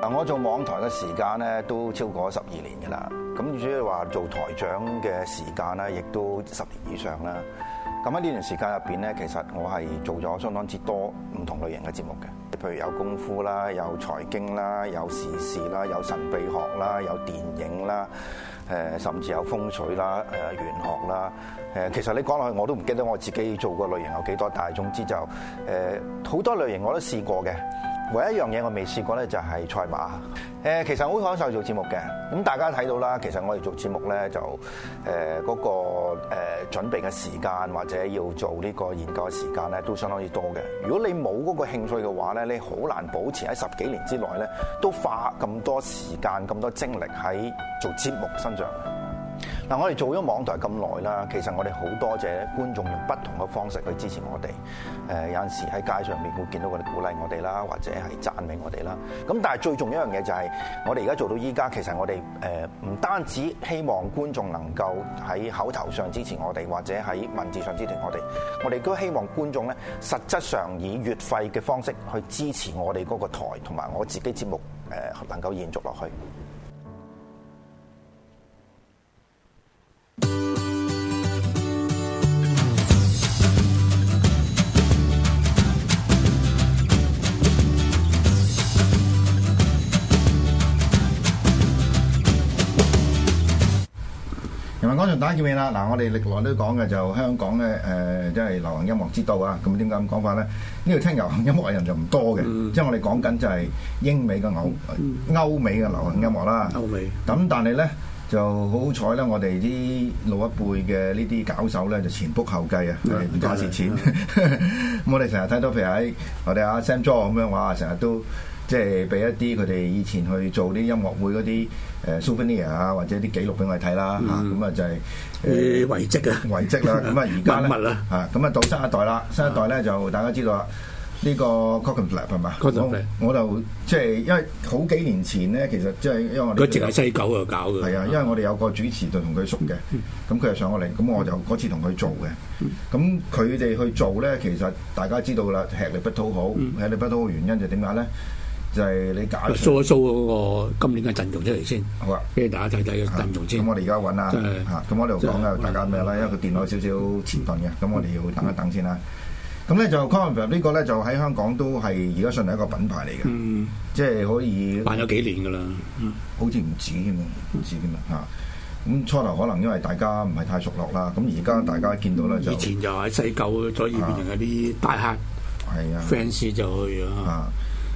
嗱，我做網台嘅時間咧，都超過咗十二年㗎啦，咁主要話做台長嘅時間咧，亦都十年以上啦。咁喺呢段時間入邊咧，其實我係做咗相當之多唔同類型嘅節目嘅，譬如有功夫啦，有財經啦，有時事啦，有神秘學啦，有電影啦，誒，甚至有風水啦，誒、呃，玄學啦，誒、呃，其實你講落去我都唔記得我自己做過類型有幾多，但係總之就誒、是，好、呃、多類型我都試過嘅。唯一一樣嘢我未試過咧，就係、是、賽馬。誒，其實好享受做節目嘅。咁大家睇到啦，其實我哋做節目咧，就誒嗰、呃那個誒、呃、準備嘅時間或者要做呢個研究嘅時間咧，都相當之多嘅。如果你冇嗰個興趣嘅話咧，你好難保持喺十幾年之內咧，都花咁多時間、咁多精力喺做節目身上。嗱，我哋做咗網台咁耐啦，其實我哋好多謝觀眾用不同嘅方式去支持我哋。誒，有陣時喺街上面會見到佢哋鼓勵我哋啦，或者係讚美我哋啦。咁但係最重要一樣嘢就係，我哋而家做到依家，其實我哋誒，唔單止希望觀眾能夠喺口頭上支持我哋，或者喺文字上支持我哋。我哋都希望觀眾咧，實質上以月費嘅方式去支持我哋嗰個台，同埋我自己節目誒，能夠延續落去。嗰場大家見面啦，嗱，我哋歷來都講嘅就香港嘅誒，即係流行音樂之都啊！咁點解咁講法咧？呢度聽流行音樂嘅人就唔多嘅，即係我哋講緊就係英美嘅歐歐美嘅流行音樂啦。歐美咁，但係咧就好彩咧，我哋啲老一輩嘅呢啲搞手咧就前仆後繼啊，唔搞蝕錢。咁我哋成日睇到譬如喺我哋阿 Sam Chua 咁樣，話，成日都～即係俾一啲佢哋以前去做啲音樂會嗰啲誒 souvenir 啊，或者啲記錄俾我哋睇啦嚇，咁、嗯、啊就係、是呃、遺跡啊遺跡啦、啊，咁啊而家咧嚇咁啊到新一代啦，新一代咧、啊、就大家知道啦，呢、這個 Clockenflap 係嘛？我就即係、就是、因為好幾年前咧，其實即係因為我哋，佢淨係西九啊搞嘅係啊，嗯、因為我哋有個主持就同佢熟嘅，咁佢又上過嚟，咁我就嗰次同佢做嘅，咁佢哋去做咧，其實大家知道啦，吃力不討好，吃力不討好原因就點解咧？就係你解 show 一 show 嗰個今年嘅陣容出嚟先。好啊，俾大家睇睇個陣容先。咁我哋而家揾啊，咁我哋又講大家咩啦？因為佢電腦少少前進嘅，咁我哋要等一等先啦。咁咧就 Converse 呢個咧就喺香港都係而家算係一個品牌嚟嘅，即係可以辦咗幾年噶啦，好似唔止咁樣，唔止咁啊。咁初頭可能因為大家唔係太熟絡啦，咁而家大家見到咧就以前就喺細舊，所以變成一啲大客，fans 就去啊。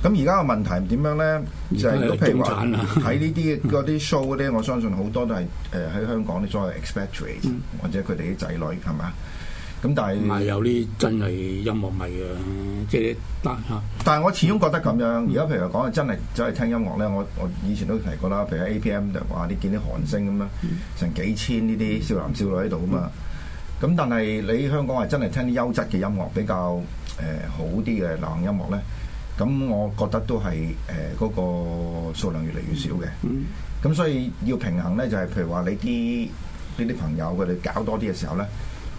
咁而家個問題點樣咧？就係、是、譬如話喺呢啲嗰啲 show 嗰啲，我相信好多都係誒喺香港咧，再 expecture、嗯、或者佢哋啲仔女係咪？咁但係唔係有啲真係音樂迷嘅，即係得嚇。啊、但係我始終覺得咁樣。而家、嗯、譬如講真係、嗯、真係聽音樂咧，我我以前都提過啦。譬如喺 APM 就話啲見啲韓星咁樣，成幾千呢啲少男少女喺度啊嘛。咁、嗯嗯、但係你香港係真係聽啲優質嘅音樂，比較誒好啲嘅流行音樂咧。咁我覺得都係誒嗰個數量越嚟越少嘅，咁所以要平衡呢，就係譬如話你啲呢啲朋友佢哋搞多啲嘅時候呢。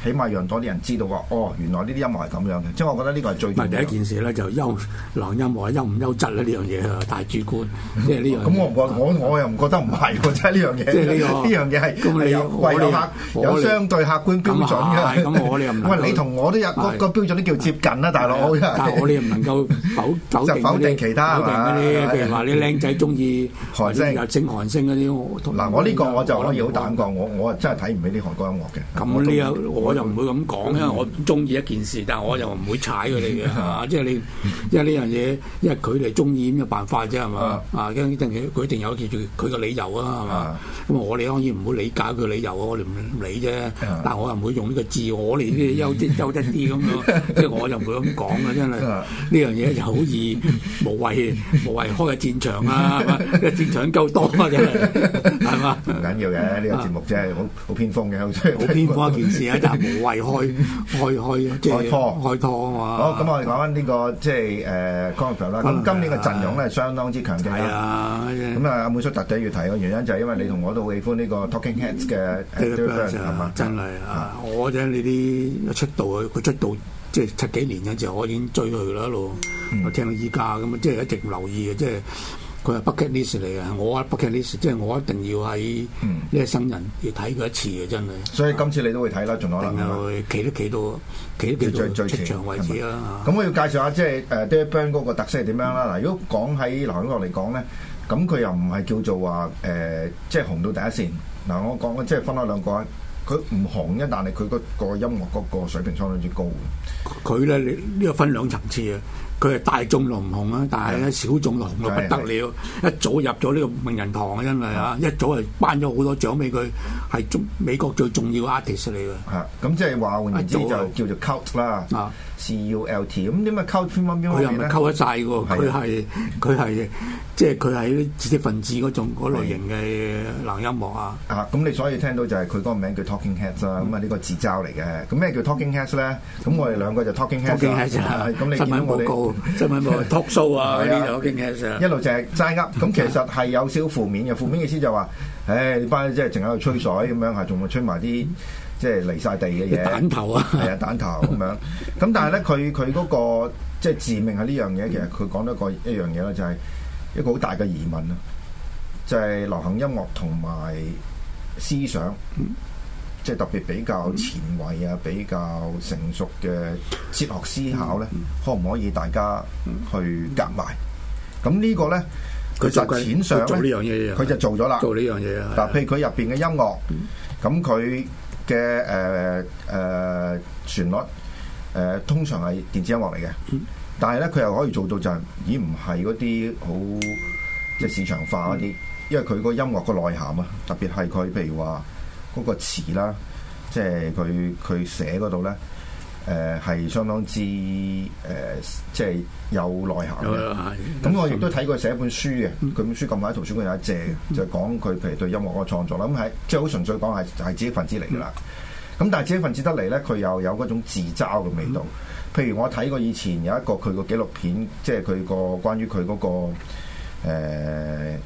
起碼讓多啲人知道哦，原來呢啲音樂係咁樣嘅，即係我覺得呢個係最。問題第一件事咧，就優、是、良音樂係優唔優質呢樣嘢啊，大主觀，即係呢樣。咁、 哦、我我我 又唔覺得唔係喎，即係呢樣嘢。即係呢樣嘢係你有為客有相對客觀標準㗎。咁我、嗯、你同我都有、嗯、那個個標準都叫接近啦、啊，大佬、嗯。 但係我哋唔能夠否否定其他定吧譬如話你靚仔中意韓星聲啊，星韓星嗰啲嗱我呢個我就可以好膽講，我我真係睇唔起呢韓國音樂嘅。咁你我又唔會咁講，因為我中意一件事，但係我又唔會踩佢哋嘅，即係你，因為呢樣嘢，因為佢哋中意點嘅辦法啫，係嘛？啊，因為佢一定有叫做佢個理由啊，係嘛？咁我哋當然唔會理解佢理由，啊，我哋唔理啫。但係我又唔會用呢個字，我哋啲優質優質啲咁樣，即係我就唔會咁講啊。真係呢樣嘢就好易無謂無謂開下戰場啊，因為戰場夠多啊，真係係嘛？唔緊要嘅，呢個節目真係好好偏鋒嘅，好偏鋒一件事啊，無謂開開開即係開拖 開拖啊嘛！ 好咁，我哋講翻、這、呢個即係誒 Gangrel 啦。咁、就是嗯嗯、今年嘅陣容咧，嗯、相當之強勁。啊，咁啊，阿滿叔特地要提嘅原，原因就係因為你同我都好喜歡呢個 Talking Heads 嘅 Byrne 真係啊！啊我啫，你啲出道佢出道即係、就是、七幾年嘅時候，我已經追佢啦，一路我聽到依家咁即係一直留意嘅，即係。佢係北京歷史嚟嘅，list, 我啊北京歷史，即係我一定要喺呢一新人要睇佢一次嘅，真係。嗯啊、所以今次你都會睇啦，仲可能。然後企都企到企到最最場位置啦、啊。咁、嗯嗯、我要介紹下，即係誒 The Band 嗰個特色係點樣啦？嗱、嗯，如果講喺流行樂嚟講咧，咁佢又唔係叫做話誒，即、呃、係、就是、紅到第一線。嗱、嗯，我講即係分開兩個，佢唔紅一，但係佢嗰個音樂嗰個水平相當之高。佢咧、嗯，你呢、這個分兩層次啊。佢係大眾就唔紅啦，但係咧小眾就紅到不得了。一早入咗呢個名人堂啊，因為嚇！一早係頒咗好多獎俾佢，係美國最重要 artist 嚟㗎。嚇，咁即係話換言之就叫做 cult 啦，cult。咁點解 cult 偏方偏方嘅咧？佢又唔係溝得晒㗎？佢係佢係即係佢係知識分子嗰種嗰類型嘅男音樂啊。咁你所以聽到就係佢嗰個名叫 Talking Heads 啊，咁啊呢個字嘲嚟嘅。咁咩叫 Talking Heads 咧？咁我哋兩個就 Talking Heads 咁你見到我哋？即係咪冇 talk show 啊？嗰啲有啲嘅， 一路就係齋噏。咁其實係有少負面嘅。負面嘅意思就話，唉、哎，你翻去即係淨喺度吹水咁樣，係仲會吹埋啲即係離晒地嘅嘢。蛋頭啊，係啊，蛋頭咁樣。咁但係咧，佢佢嗰個即係、就是、致命係呢樣嘢。其實佢講咗個一樣嘢啦，就係一個好大嘅疑問啊，就係流行音樂同埋思想。即係特別比較前衞啊，比較成熟嘅哲學思考咧，可唔可以大家去夾埋？咁呢個咧，佢就淺上咧，佢就做咗啦。做呢樣嘢啊！嗱，譬如佢入邊嘅音樂，咁佢嘅誒誒旋律誒，通常係電子音樂嚟嘅。但係咧，佢又可以做到就係，咦，已唔係嗰啲好即係市場化嗰啲，因為佢個音樂個內涵啊，特別係佢譬如話。嗰個詞啦，即係佢佢寫嗰度咧，誒、呃、係相當之誒、呃，即係有內涵嘅。咁我亦都睇過佢寫一本書嘅，佢、嗯、本書近排喺圖書館有一借嘅，嗯、就係講佢譬如對音樂嗰個創作啦。咁喺即係好純粹講係係知識分子嚟㗎啦。咁、嗯、但係知識分子得嚟咧，佢又有嗰種自嘲嘅味道。嗯、譬如我睇過以前有一個佢個紀錄片，即係佢個關於佢嗰、那個。誒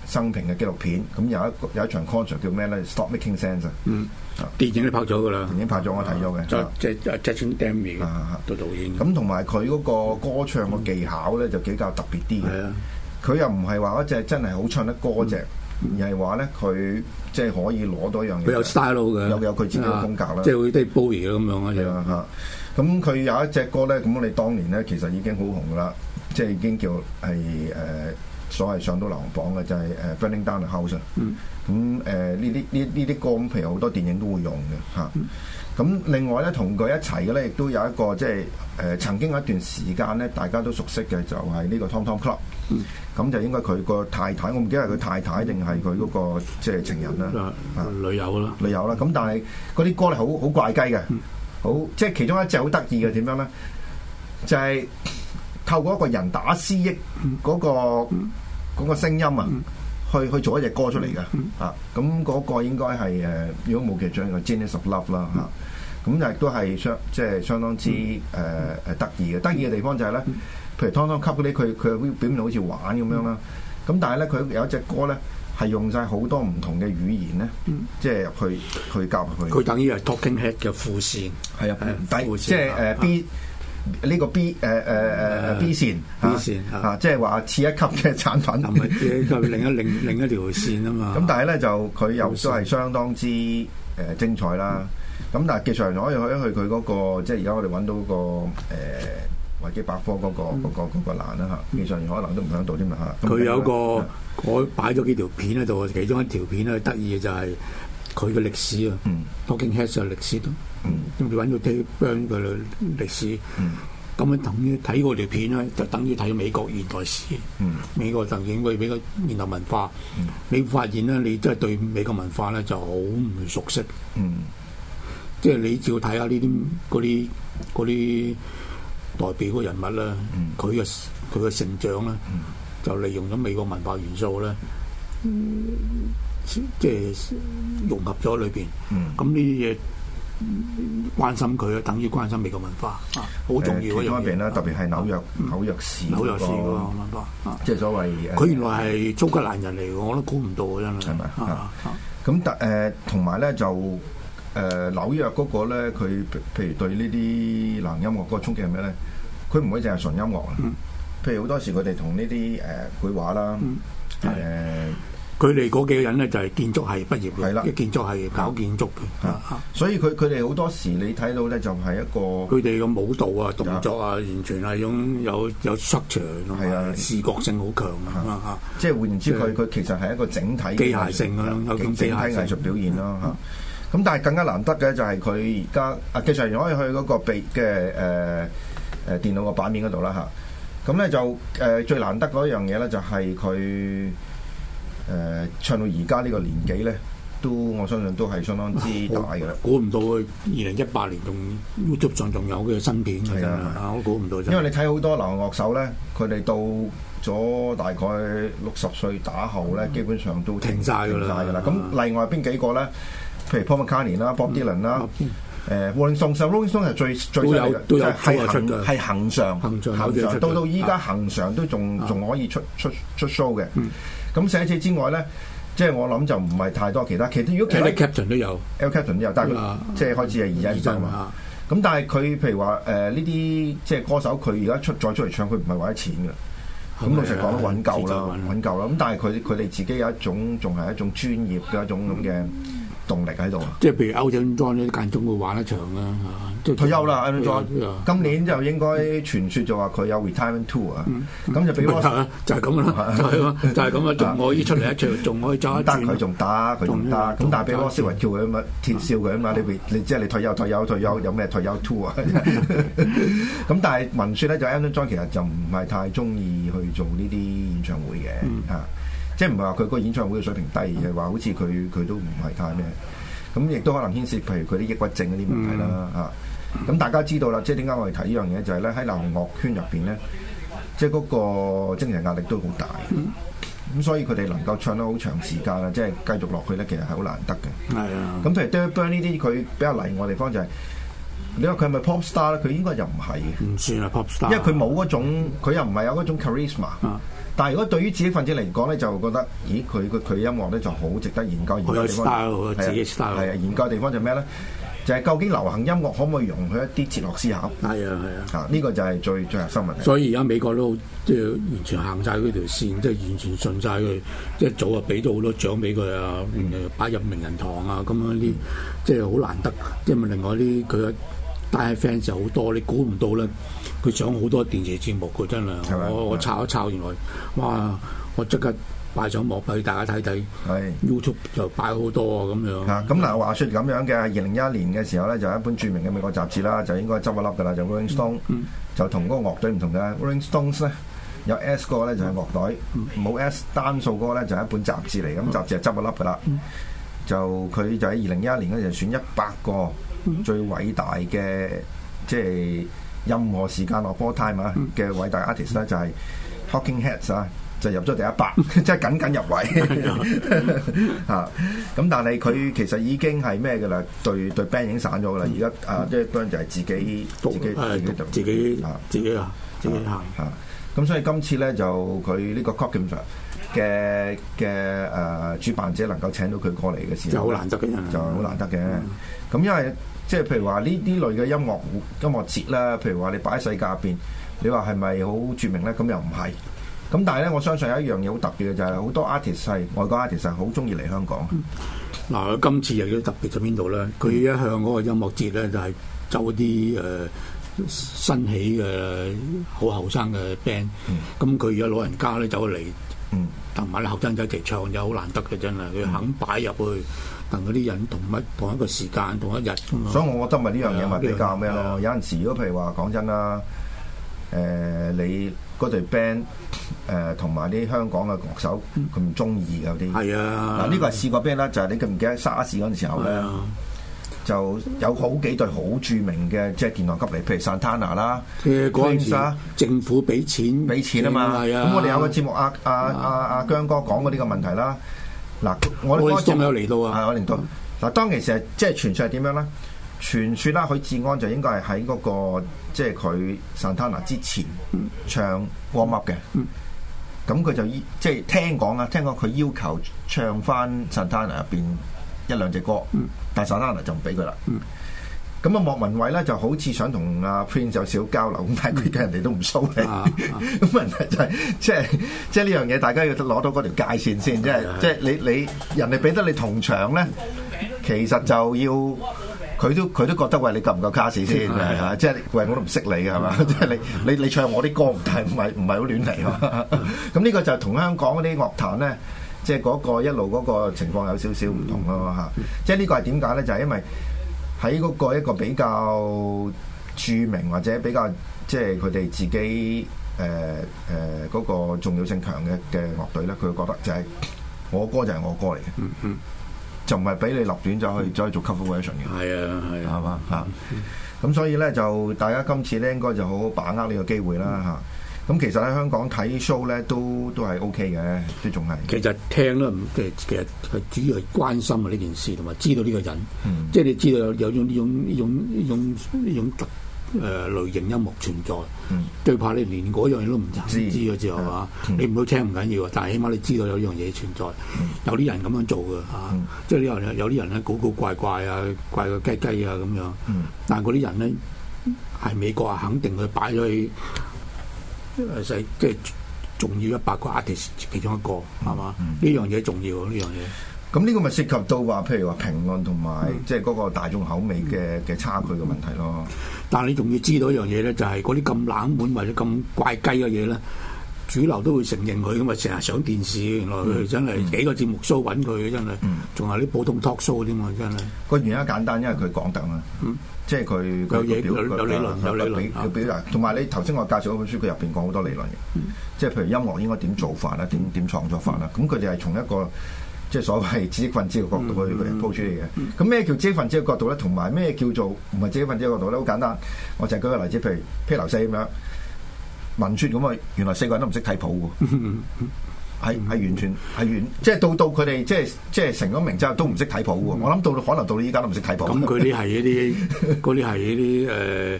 生平嘅紀錄片，咁有一有一場 concert 叫咩咧？Stop Making Sense。嗯，電影都拍咗㗎啦，電影拍咗我睇咗嘅。即係 Jonathan Demme 都導演。咁同埋佢嗰個歌唱嘅技巧咧，就比較特別啲嘅。佢又唔係話嗰隻真係好唱得歌隻，而係話咧佢即係可以攞到一樣嘢。佢有 style 嘅，有有佢自己嘅風格啦。即係 Bowie 咁樣你話吓。咁佢有一隻歌咧，咁我哋當年咧其實已經好紅㗎啦，即係已經叫係誒。所謂上到流行榜嘅就係誒 Burning Down the House，咁誒呢啲呢呢啲歌譬如好多電影都會用嘅嚇。咁、嗯啊、另外咧，同佢一齊嘅咧，亦都有一個即係誒曾經有一段時間咧，大家都熟悉嘅就係、是、呢個 Tom Tom Club、嗯嗯。咁、嗯、就應該佢個太太，我唔記得係佢太太定係佢嗰個即係情人啦啊，女友啦。女友啦。咁、呃、但係嗰啲歌咧好好怪雞嘅，好，好即係其中一隻好得意嘅點樣咧，就係、是。嗯嗯嗯嗯透過一個人打 C.E. 嗰、那個嗰、mm. 聲音啊，mm. 去去做一隻歌出嚟嘅、mm. 啊，咁、那、嗰個應該係如果冇記錯，應、啊、該《Genius of Love、啊》啦嚇。咁亦都係相即係相當之誒誒得意嘅。得意嘅地方就係、是、咧，譬如 Tom Tom Club 嗰啲，佢佢表現到好似玩咁樣啦。咁、mm. 啊、但係咧，佢有一隻歌咧，係用晒好多唔同嘅語言咧，即、就、係、是、入去去夾入佢等於係 Talking Head 嘅副線，係啊，即係誒 B。呢個 B 誒誒誒 B 線、uh，B 線嚇，即係話次一級嘅產品，係咪？ 另一另另一條線啊嘛。咁 但係咧，就佢又線都係相當之誒精彩啦。咁、嗯、但係技術員可以可以去佢嗰、那個，即係而家我哋揾到個誒、呃、維基百科嗰、那個嗰、嗯、個欄啦嚇。技術員可能都唔響度添啊嚇。佢、嗯嗯、有一個我擺咗幾條片喺度，其中一條片咧得意嘅就係、是。佢嘅歷史啊，Talking Heads 嘅歷史都，咁你揾到《The Band》嘅歷史，咁樣等於睇嗰條片咧，就等於睇美國現代史。嗯、美國曾至應比較現代文化，嗯、你發現咧，你真係對美國文化咧就好唔熟悉。嗯、即係你照睇下呢啲嗰啲啲代表嗰人物啦，佢嘅佢嘅成長啦，就利用咗美國文化元素咧。嗯嗯嗯即係融合咗裏邊，咁呢啲嘢關心佢，咧等於關心美國文化好重要。我認為。特別啦，特別係紐約紐約市文化，即係所謂。佢原來係蘇格蘭人嚟嘅，我都估唔到嘅真係。係咪咁得？誒，同埋咧就誒紐約嗰個咧，佢譬如對呢啲流行音樂嗰個衝擊係咩咧？佢唔會淨係純音樂啊。譬如好多時佢哋同呢啲誒繪畫啦，誒。佢哋嗰幾個人咧就係建築系畢業嘅，即係建築係搞建築嘅，所以佢佢哋好多時你睇到咧就係一個佢哋嘅舞蹈啊動作啊，完全係一種有有 structure 啊，視覺性好強啊，即係換言之，佢佢其實係一個整體機械性整體藝術表現咯，嚇！咁但係更加難得嘅就係佢而家啊，記者仍可以去嗰個嘅誒誒電腦個版面嗰度啦，嚇！咁咧就誒最難得嗰樣嘢咧就係佢。誒唱到而家呢個年紀咧，都我相信都係相當之大㗎啦。估唔到佢二零一八年仲 YouTube 上仲有嘅新片㗎啊，我估唔到。因為你睇好多流行樂手咧，佢哋到咗大概六十歲打後咧，基本上都停晒㗎啦。停曬㗎啦。咁另外邊幾個咧？譬如 Paul McCartney 啦，Bob Dylan 啦，誒 Rolling Stone，Rolling Stone 係最最多人，都有都有係行係行上行上，到到依家恒常都仲仲可以出出出 show 嘅。咁、嗯、寫此之外咧，即係我諗就唔係太多其他。其實如果其他 Captain 都有 L Captain 都有，得係、啊、即係開始係二一三嘛。咁、嗯、但係佢譬如話誒呢啲即係歌手，佢而家出再出嚟唱，佢唔係為咗錢嘅。咁老實講，揾夠啦，揾夠啦。咁但係佢佢哋自己有一種，仲係一種專業嘅一種咁嘅。動力喺度啊！即係譬如 Elton John 咧，間中會玩一場啦嚇。退休啦 Elton John 今年就應該傳説就話佢有 retirement tour 啊。咁就俾我嚇，就係咁啦，就係咁啦，仲可以出嚟一場，仲可以揸。但佢仲打，佢仲打。咁但係俾我笑雲叫佢咁啊，鐵笑佢啊嘛！你你即係你退休，退休，退休有咩退休 tour 啊？咁但係聞説咧，就 Elton John 其實就唔係太中意去做呢啲演唱會嘅嚇。即係唔係話佢個演唱會嘅水平低，而係話好似佢佢都唔係太咩，咁亦都可能牽涉譬如佢啲抑鬱症嗰啲問題啦嚇。咁、嗯啊、大家知道啦，即係點解我哋睇呢樣嘢就係咧，喺流行樂圈入邊咧，即係嗰個精神壓力都好大。咁、嗯嗯、所以佢哋能夠唱得好長時間啦，即係繼續落去咧，其實係好難得嘅。係啊、嗯。咁譬如 Byrne 呢啲，佢比較例外嘅地方就係、是。你話佢係咪 pop star 咧？佢應該就唔係嘅。唔算係 pop star，因為佢冇嗰種，佢又唔係有嗰種 charisma 的。但係如果對於自己份子嚟講咧，就覺得，咦，佢嘅佢音樂咧就好值得研究。研究。地方係啊，有 style, 的自己 star 係啊，研究嘅地方就咩咧？就係、是、究竟流行音樂可唔可以容許一啲哲學思考？係啊，係啊。啊，呢個就係最最核心問題。的所以而家美國都即係、就是、完全行曬嗰條線，即、就、係、是、完全信晒佢，即、就、係、是、早啊俾咗好多獎俾佢啊，誒、嗯、擺入名人堂啊咁樣啲，即係好難得。即、就、係、是、另外啲佢？但係 fans 就好多，你估唔到咧，佢上好多電視節目嘅真係！我我抄一抄，原來哇，我即刻擺上幕俾大家睇睇。係 YouTube 就擺好多啊咁樣。嚇咁嗱，話説咁樣嘅，二零一一年嘅時候咧，就一本著名嘅美國雜誌啦，就應該執一粒嘅，就 Rolling Stone。嗯。就同嗰個樂隊唔同嘅，Rolling Stones 咧有 S 嗰個咧就係樂隊，冇 S 單數嗰個咧就係一本雜誌嚟，咁雜誌就執一粒嘅啦。嗯。就佢就喺二零一一年嗰陣選一百個。最偉大嘅即係任何時間我波 time 啊嘅、mm hmm. 偉大 artist 咧、mm hmm. 就係 Talking Heads 啊、mm，就入咗第一百，即係僅僅入圍。啊！咁但係佢其實已經係咩嘅啦？對對 band 已經散咗嘅啦，而家啊即係當然就係、是、自己、嗯、自己自己啊自己啊自己啊嚇！咁所以今次咧就佢呢、呢個 Talking Heads 嘅嘅誒，主辦者能夠請到佢過嚟嘅時候，就好難得嘅，就好難得嘅。咁的因為，即係譬如話呢啲類嘅音樂，音樂節啦，譬如話你擺喺世界入邊，你話係咪好著名咧？咁又唔係。咁但係咧，我相信有一樣嘢好特別嘅就係、是、好多 artist 係外國 artist 係好中意嚟香港。嗱，佢、嗯啊、今次又幾特別，在邊度咧？佢一向嗰個音樂節咧就係周啲誒新起嘅好後生嘅 band。咁佢而家老人家咧走嚟。嗯，同埋你後生仔一齊唱又好難得嘅真係，佢肯擺入去，同嗰啲人同乜同一個時間同一日咁啊。那個、所以我覺得咪呢樣嘢咪比較咩咯？有陣時如果譬如話講真啦，誒、呃、你嗰隊 band 誒同埋啲香港嘅樂手咁唔中意嘅啲，係啊嗱呢個係試過 band 啦，就係、是、你記唔記得沙士 r s 嗰陣時候咧？就有好幾對好著名嘅即係殿堂級嚟，譬如 Santana 啦、呃、q u 時政府俾錢俾錢啊嘛，咁、嗯、我哋有個節目阿阿阿阿姜哥講過呢個問題啦。嗱正、啊，我阿叔有嚟到啊，係我領導。嗱、嗯，當其時即係、就是、傳説係點樣咧？傳説啦，許志安就應該係喺嗰個即係、就、佢、是、Santana 之前唱 warm《up、嗯》嘅、嗯。咁佢就即係、就是、聽講啊，聽講佢要求唱翻 Santana 入邊。一兩隻歌，但係沈就唔俾佢啦。咁啊，莫文蔚咧就好似想同阿 Prince 有少交流咁，但係佢對人哋都唔騷你。咁啊，問題就係即係即係呢樣嘢，大家要攞到嗰條界線先。即係即係你你人哋俾得你同場咧，其實就要佢都佢都覺得喂你夠唔夠卡士先，即係喂我都唔識你嘅係嘛？即係你你你唱我啲歌，但係唔係唔係好亂嚟啊？咁呢個就係同香港嗰啲樂壇咧。即係嗰個一路嗰個情況有少少唔同咯嚇，即係、嗯啊、呢個係點解咧？就係、是、因為喺嗰個一個比較著名或者比較即係佢哋自己誒誒嗰個重要性強嘅嘅樂隊咧，佢會覺得就係、是、我歌就係我歌」嚟嘅、嗯，嗯、就唔係俾你立亂就可以再做 cover version 嘅。係啊係啊，係嘛嚇、啊。咁 所以咧就大家今次咧應該就好好把握呢個機會啦嚇。嗯嗯。咁其實喺香港睇 show 咧都都係 O K 嘅，都仲係。其實聽咧，其實其實係主要係關心啊呢件事，同埋知道呢個人。嗯。即係你知道有有種呢種呢種呢種呢種特誒類型音樂存在。嗯。最怕你連嗰樣嘢都唔知知之後話，你唔好聽唔緊要，但係起碼你知道有樣嘢存在，有啲人咁樣做嘅嚇，即係有有有啲人咧古古怪怪啊，怪個雞雞啊咁樣。但係嗰啲人咧，係美國啊，肯定佢擺咗去。係，即係重要一百個 artist 其中一個，係嘛、嗯？呢樣嘢重要，呢樣嘢。咁呢個咪涉及到話，譬如話評論同埋，即係嗰個大眾口味嘅嘅差距嘅問題咯、嗯嗯嗯嗯。但係你仲要知道一樣嘢咧，就係嗰啲咁冷門或者咁怪雞嘅嘢咧。主流都會承認佢咁嘛，成日上電視。原來佢真係幾個節目 show 揾佢，真係，仲係啲普通 talk show 添啊，真係。個原因簡單，因為佢講得啊，即係佢佢表佢表，佢表達。同埋你頭先我介紹嗰本書，佢入邊講好多理論嘅。即係譬如音樂應該點做法啦，點點創作法啦。咁佢哋係從一個即係所謂知識分子嘅角度去去鋪出嚟嘅。咁咩叫知識分子嘅角度咧？同埋咩叫做唔係知識分子嘅角度咧？好簡單，我就舉個例子，譬如披頭四咁樣。文專咁啊，原來四個人都唔識睇譜喎，係係完全係完，即係到到佢哋即係即係成咗名之後都唔識睇譜喎。我諗到可能到你依家都唔識睇譜。咁佢啲係一啲，嗰啲係一啲誒，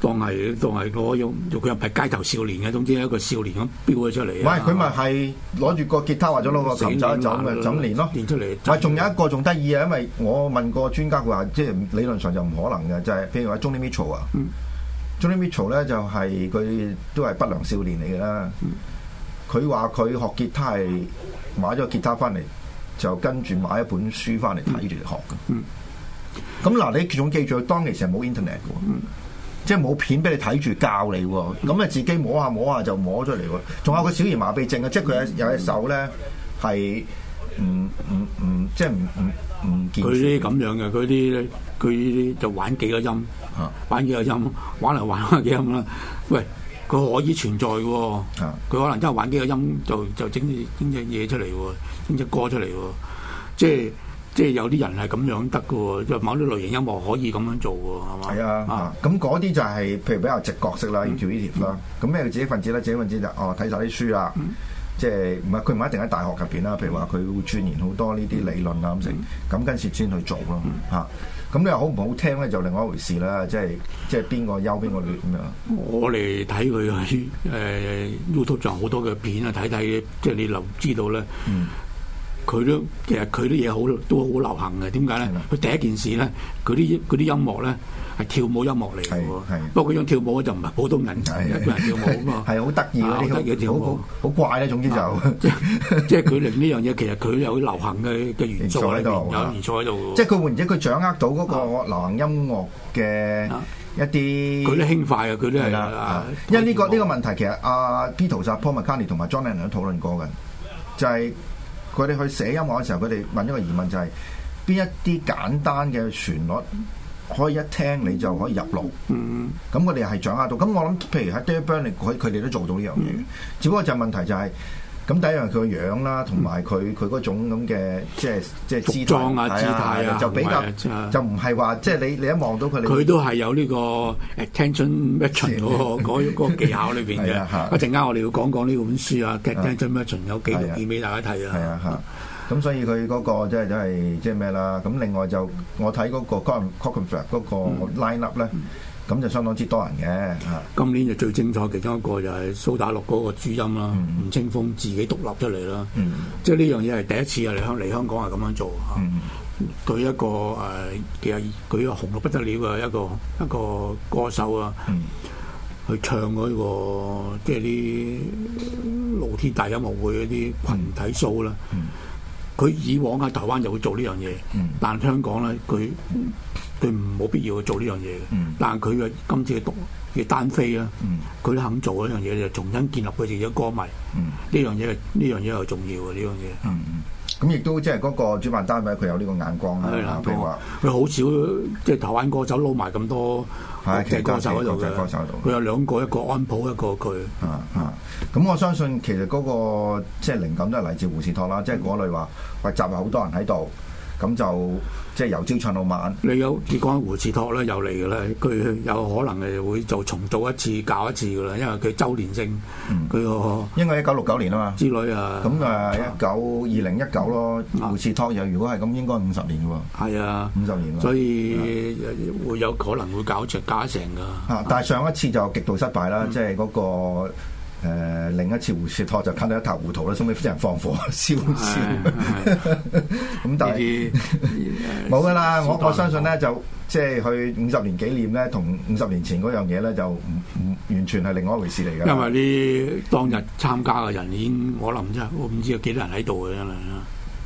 當係當係當用，佢又唔係街頭少年嘅，總之係一個少年咁飆咗出嚟。唔係佢咪係攞住個吉他或者攞個琴走走咪走練咯，練出嚟。仲有一個仲得意啊，因為我問個專家佢話，即係理論上就唔可能嘅，就係譬如話 Johnny Mitchell 啊。Joni Mitchell 咧就係佢都係不良少年嚟嘅啦，佢話佢學吉他係買咗個吉他翻嚟，就跟住買一本書翻嚟睇住學嘅。咁嗱、嗯，你記唔記住？當其時係冇 internet 嘅，嗯、即係冇片俾你睇住教你喎。咁啊，自己摸下摸下就摸出嚟喎。仲有個小兒麻痹症啊，即係佢有一手咧係。唔唔唔，即係唔唔唔，佢啲咁樣嘅，佢啲佢啲就玩幾個音，啊、玩幾個音，玩嚟玩去嘅音啦。喂，佢可以存在嘅，佢、啊、可能真係玩幾個音就就整整隻嘢出嚟，整隻歌出嚟，即係、嗯、即係有啲人係咁樣得嘅，即係某啲類型音樂可以咁樣做嘅，係嘛？係啊，咁嗰啲就係、是、譬如比較直覺式啦，呢條呢條啦。咁咩、嗯？嘅知識分子咧，知識分子就哦睇晒啲書啊。嗯即係唔係佢唔一定喺大學入邊啦。譬如話佢會鑽研好多呢啲理論啊，咁咁跟住先去做咯嚇。咁、嗯嗯、你話好唔好聽咧，就另外一回事啦。即係即係邊個優邊個劣咁樣。我哋睇佢喺誒 YouTube 上好多嘅片啊，睇睇即係你留知道啦。佢、嗯、都其實佢啲嘢好都好流行嘅。點解咧？佢嗎第一件事咧，佢啲啲音樂咧。係跳舞音樂嚟嘅喎，不過佢種跳舞咧就唔係普通人嘅跳舞啊，係好得意啊！得意好好怪啊！總之就即係佢令呢樣嘢，其實佢有流行嘅嘅元素喺度，有元素喺度。即係佢換者佢掌握到嗰個流行音樂嘅一啲，佢都輕快嘅，佢都係啦。因為呢個呢個問題其實阿 Peter、Paul McCartney 同埋 John Lennon 都討論過嘅，就係佢哋去寫音樂嘅時候，佢哋問一個疑問就係邊一啲簡單嘅旋律。可以一聽你就可以入路，咁我哋係掌握到。咁我諗，譬如喺 David Byrne，佢佢哋都做到呢樣嘢。只不過就問題就係，咁第一樣佢個樣啦，同埋佢佢嗰種咁嘅即係即係服裝啊、姿態啊，就比較就唔係話即係你你一望到佢。佢都係有呢個 attention m 嗰個技巧裏邊嘅。一陣間我哋要講講呢本書啊，attention 有幾條片俾大家睇啊。咁、嗯嗯嗯、所以佢嗰個即係都係即係咩啦？咁、就是、另外就我睇嗰個 con conference 嗰個 lineup 咧，咁、嗯嗯、就相當之多人嘅。今年就最精彩其中一個就係蘇打綠嗰個主音啦，吳、嗯、青峰自己獨立出嚟啦。嗯、即係呢樣嘢係第一次、嗯、啊！嚟香嚟香港係咁樣做啊！舉一個誒，其實佢又紅到不得了嘅一個一個,一個歌手啊，嗯、去唱嗰、那個即係啲露天大音樂會一啲群體 show 啦呢。嗯嗯佢以往喺台灣就會做呢樣嘢，嗯、但香港咧，佢佢冇必要去做呢樣嘢嘅。嗯、但係佢嘅今次嘅獨嘅單飛啦，佢、嗯、都肯做一樣嘢，就重新建立佢自己歌迷。呢樣嘢呢樣嘢係重要嘅，呢樣嘢。嗯嗯咁亦都即係嗰個主辦單位，佢有呢個眼光啦。譬的、啊、如話，佢好少即係台灣歌手攞埋咁多國際歌手喺度嘅。佢有兩個，一個安溥，嗯、一個佢、啊。啊啊！咁我相信其實嗰、那個即係靈感都係嚟自胡士托啦，即係嗰類話或集話好多人喺度。咁就即係由朝唱到晚你。你有你講胡士託咧又嚟嘅啦，佢有可能誒會做重做一次，搞一次嘅啦，因為佢周年性。佢、嗯、應該一九六九年啊嘛。之類啊。咁啊，一九二零一九咯，胡士託又如果係咁，應該五十年喎。係啊，五十年。所以會有可能會搞出加成㗎。啊、嗯！但係上一次就極度失敗啦，即係嗰個。誒、呃、另一次胡士托就坑到一塌糊塗啦，所以啲人放火燒燒。咁但係冇噶啦，我我相信咧、嗯、就即係、就是、去五十年紀念咧，同五十年前嗰樣嘢咧就唔唔完全係另外一回事嚟㗎。因為你當日參加嘅人已經我諗真，我唔知有幾多人喺度嘅啦。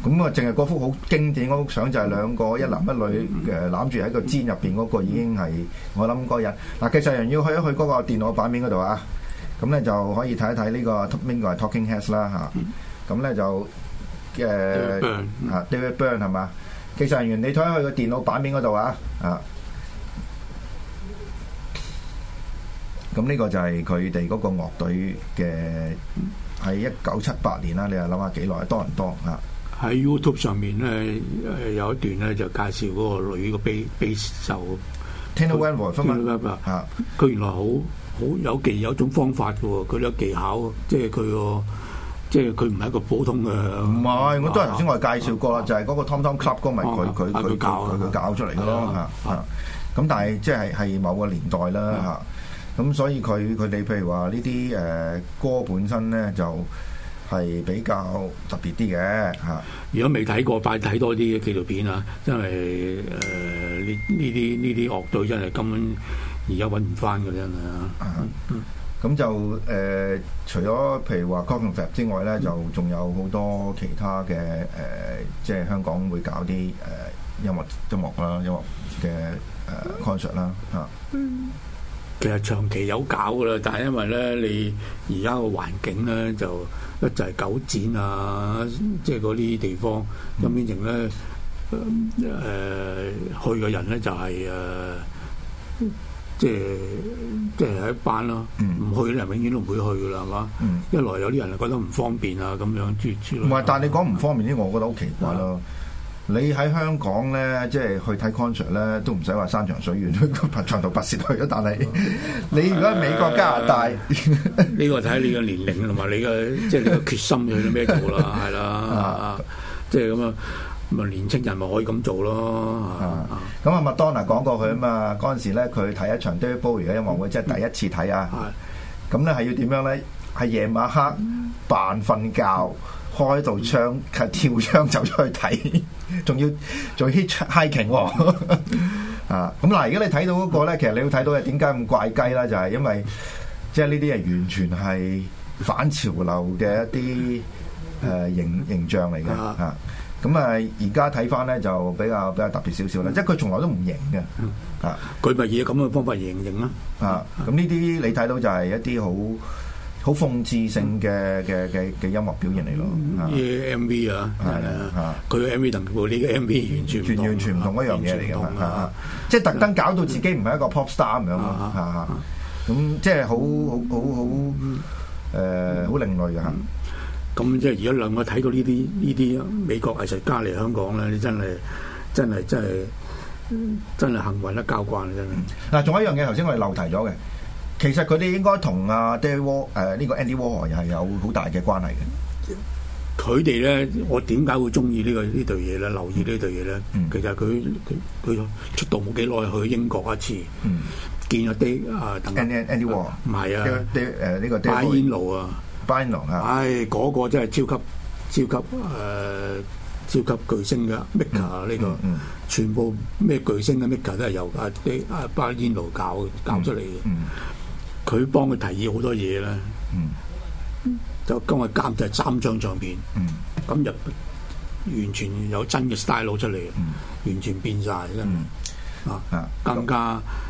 咁、嗯、啊，淨係嗰幅好經典嗰幅相就係兩個一男一女誒攬住喺個氈入邊嗰個，已經係我諗嗰日嗱，其實人要去一去嗰個電腦版面嗰度啊！啊啊啊啊啊啊啊。咁咧就可以睇一睇呢個邊個係 Talking Heads 啦嚇，咁咧就誒啊 David Byrne 係嘛？技術人員，你睇下佢個電腦版面嗰度啊啊！咁呢個就係佢哋嗰個樂隊嘅喺一九七八年啦，你又諗下幾耐多唔多啊？喺 YouTube 上面咧有一段咧就介紹嗰個女嘅 bass 手，Tina Weymouth，佢原來好。好有技有種方法嘅喎，佢有技巧，即係佢個，即係佢唔係一個普通嘅。唔係，我都頭先我係介紹過啦，就係嗰個 Tom Tom Club 歌咪佢佢佢佢佢搞出嚟咯嚇咁但係即係係某個年代啦嚇。咁所以佢佢哋譬如話呢啲誒歌本身咧就係比較特別啲嘅嚇。如果未睇過，拜睇多啲嘅紀錄片啦，因為誒呢呢啲呢啲樂隊真係根本。而家揾唔翻嗰啲係啊！啊，咁、嗯嗯、就誒、呃，除咗譬如話 concert 之外咧，嗯、就仲有好多其他嘅誒、呃，即係香港會搞啲誒音樂、音樂啦、音樂嘅誒 concert 啦嚇。Ert, 嗯，其實長期有搞噶啦，但係因為咧，你而家個環境咧就一陣係九展啊，即係嗰啲地方咁，變成咧誒、嗯呃，去嘅人咧就係、是、誒。呃嗯即係即係一班咯，唔去嘅人永遠都唔會去噶啦，係嘛？一來有啲人係覺得唔方便啊，咁樣。唔係，但係你講唔方便啲，我覺得好奇怪咯。你喺香港咧，即係去睇 concert 咧，都唔使話山長水遠，長途跋涉去啊。但係你如果喺美國加拿大，呢個睇你嘅年齡同埋你嘅即係你嘅決心去到咩度啦，係啦，即係咁啊。咁年青人咪可以咁做咯。咁啊，麥當娜講過佢啊嘛。嗰陣、嗯、時咧，佢睇一場 David Bowie 嘅音樂會，即係第一次睇啊。咁咧係要點樣咧？係夜晚黑扮瞓覺，開到窗，佢跳窗走出去睇，仲 要做 hitch hiking 啊，咁 嗱、啊，如、啊、果你睇到嗰個咧，嗯、其實你都睇到，嘅點解咁怪雞啦？就係、是、因為即係呢啲係完全係反潮流嘅一啲誒、呃、形形象嚟嘅啊。咁啊，而家睇翻咧就比較比較特別少少啦，即係佢從來都唔型嘅，啊，佢咪以咁嘅方法型型啦，啊，咁呢啲你睇到就係一啲好好諷刺性嘅嘅嘅嘅音樂表現嚟咯，啲 M V 啊，係啊，佢 M V 同呢個 M V 完全完全唔同一樣嘢嚟㗎，即係特登搞到自己唔係一個 pop star 咁樣咁即係好好好好誒好另類嘅。咁即係如果兩個睇到呢啲呢啲美國藝術家嚟香港咧，你真係真係真係真係幸運得交關啦！真係。嗱、嗯，仲有一樣嘢，頭先我哋漏提咗嘅，其實佢哋應該同阿 The Wall 呢個 Andy Warhol 係有好大嘅關係嘅。佢哋咧，我點解會中意、這個這個、呢個呢對嘢咧？留意呢對嘢咧？嗯、其實佢佢出道冇幾耐，去英國一次，嗯、見咗 The、呃 Andy, 呃、Andy War 唔係啊，誒呢個 Andy Warhol 啊。啊！唉，嗰、 那個真係超級超級誒、呃、超級巨星㗎，Mika 呢、這個，mm. 全部咩巨星嘅 Mika 都係由阿啲阿巴恩奴教教出嚟嘅。佢、mm. 幫佢提議好多嘢啦，mm. 就今日監製三張唱片，咁就、mm. 完全有真嘅 style 出嚟，mm. 完全變晒啦。Mm. 啊，咁啊！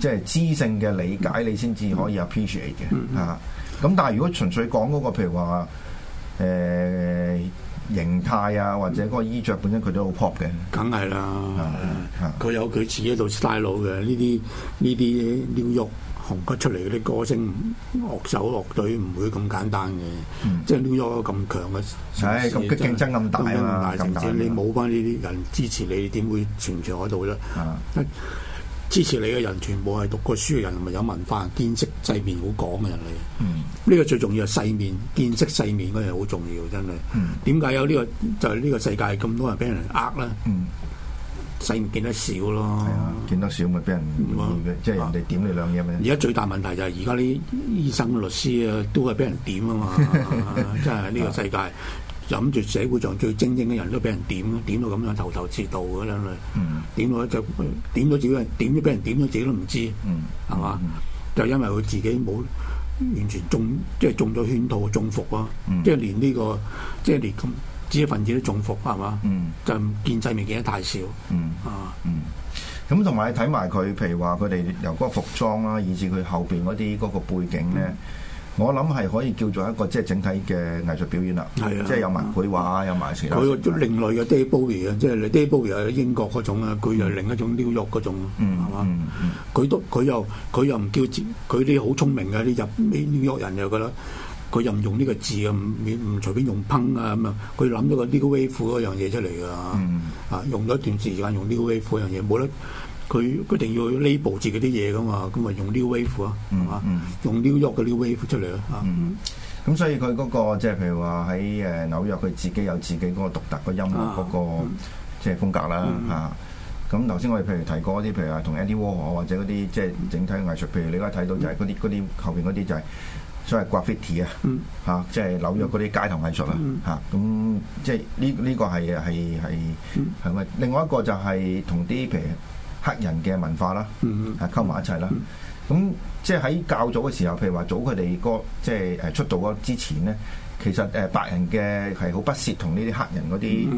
即係知性嘅理解，你先至可以 appreciate 嘅嚇。咁但係如果純粹講嗰個，譬如話誒形態啊，或者嗰個衣着本身，佢都好 pop 嘅。梗係啦，佢有佢自己一套 style 嘅。呢啲呢啲 New York 紅骨出嚟嗰啲歌星樂手樂隊，唔會咁簡單嘅。即係 New York 咁強嘅，誒咁嘅競爭咁大啊！競爭你冇翻呢啲人支持你，點會存在喺度咧？支持你嘅人全部係讀過書嘅人，咪有文化、見識世面好廣嘅人嚟。呢、嗯、個最重要係世面，見識世面嗰樣好重要，真係。點解、嗯、有呢、呢個？就係、是、呢個世界咁多人俾人呃啦。嗯、世面見得少咯，啊、見得少咪俾人、啊、即係人哋點你兩嘢咩。而家、啊、最大問題就係而家啲醫生、律師啊，都係俾人點啊嘛。即係呢個世界。啊諗住社會上最精英嘅人都俾人點，點到咁樣頭頭是道咁樣嚟，點到就點到自己，點到俾人點咗，自己都唔知，係嘛、嗯嗯？就因為佢自己冇完全中，即係中咗圈套，中伏啊，嗯、即係連呢、個即係連知識分子都中伏，係嘛？嗯、就見世面見得太少。啊、嗯，嗯。咁同埋你睇埋佢，譬如話佢哋由嗰個服裝啦，以至佢後邊嗰啲嗰個背景咧。嗯嗯嗯我諗係可以叫做一個即係整體嘅藝術表演啦，啊、即係有文繪畫、嗯、有埋其他。佢另類嘅 David Bowie 嘅，即係你 David Bowie 又係英國嗰種啊，佢又另一種紐約嗰種，係嘛？佢都佢又佢又唔叫字，佢啲好聰明嘅，你入 New York 人就覺得，佢又唔用呢個字啊，唔唔、嗯、隨便用 punk 啊咁啊，佢諗咗個 new wave 嗰樣嘢出嚟㗎，啊、嗯嗯、用咗一段時間用 new wave 嗰樣嘢，冇得。佢佢一定要呢部接嗰啲嘢噶嘛，咁咪用 new wave 啊，係嘛？用 new york 嘅 new wave 出嚟啊，咁所以佢嗰個即係譬如話喺誒紐約，佢自己有自己嗰個獨特嘅音樂嗰個即係風格啦，嚇！咁頭先我哋譬如提過啲，譬如話同 Andy Warhol 或者嗰啲即係整體藝術，譬如你而家睇到就係嗰啲嗰啲後邊嗰啲就係所謂 graffiti 啊，嚇！即係紐約嗰啲街頭藝術啊，嚇！咁即係呢呢個係係係係咪？另外一個就係同啲譬如。黑人嘅文化啦，係溝埋一齊啦。咁、嗯、哼即係喺較早嘅時候，譬如話早佢哋個即係誒出道嗰之前咧，其實誒白人嘅係好不屑同呢啲黑人嗰啲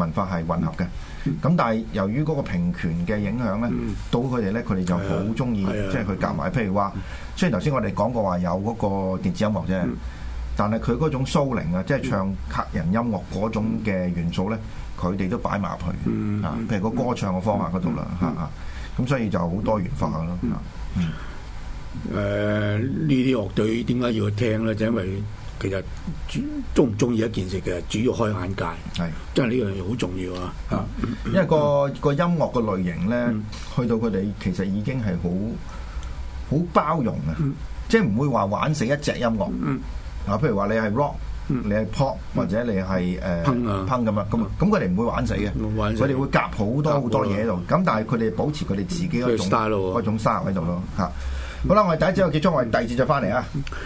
文化係混合嘅。咁、嗯、哼但係由於嗰個平權嘅影響咧，嗯、哼到佢哋咧佢哋就好鍾意即係去夾埋。嗯、哼譬如話，雖然頭先我哋講過話有嗰個電子音樂啫。嗯但係佢嗰種騷靈啊，即係唱客人音樂嗰種嘅元素咧，佢哋都擺埋入去、嗯、啊。譬如個歌唱嘅方法嗰度啦，嚇嚇咁，所以就好多元化咯。嗯、啊，呢啲、呃、樂隊點解要去聽咧？就係、因為其實鍾唔鍾意一件事嘅主要開眼界係，即係呢樣嘢好重要啊！啊，嗯、因為、那個、嗯嗯、個音樂嘅類型咧，去到佢哋其實已經係好好包容啊，嗯嗯、即係唔會話玩死一隻音樂。嗯。嗯嗱，譬如話你係 rock，嗯、你係 pop，或者你係誒烹烹咁啊，咁咁佢哋唔會玩死嘅，佢哋、啊、會夾好多好多嘢喺度。咁但係佢哋保持佢哋自己嗰種 style 喺度咯。嚇，好啦，我哋第一節就結束，我哋第二節再翻嚟啊。嗯嗯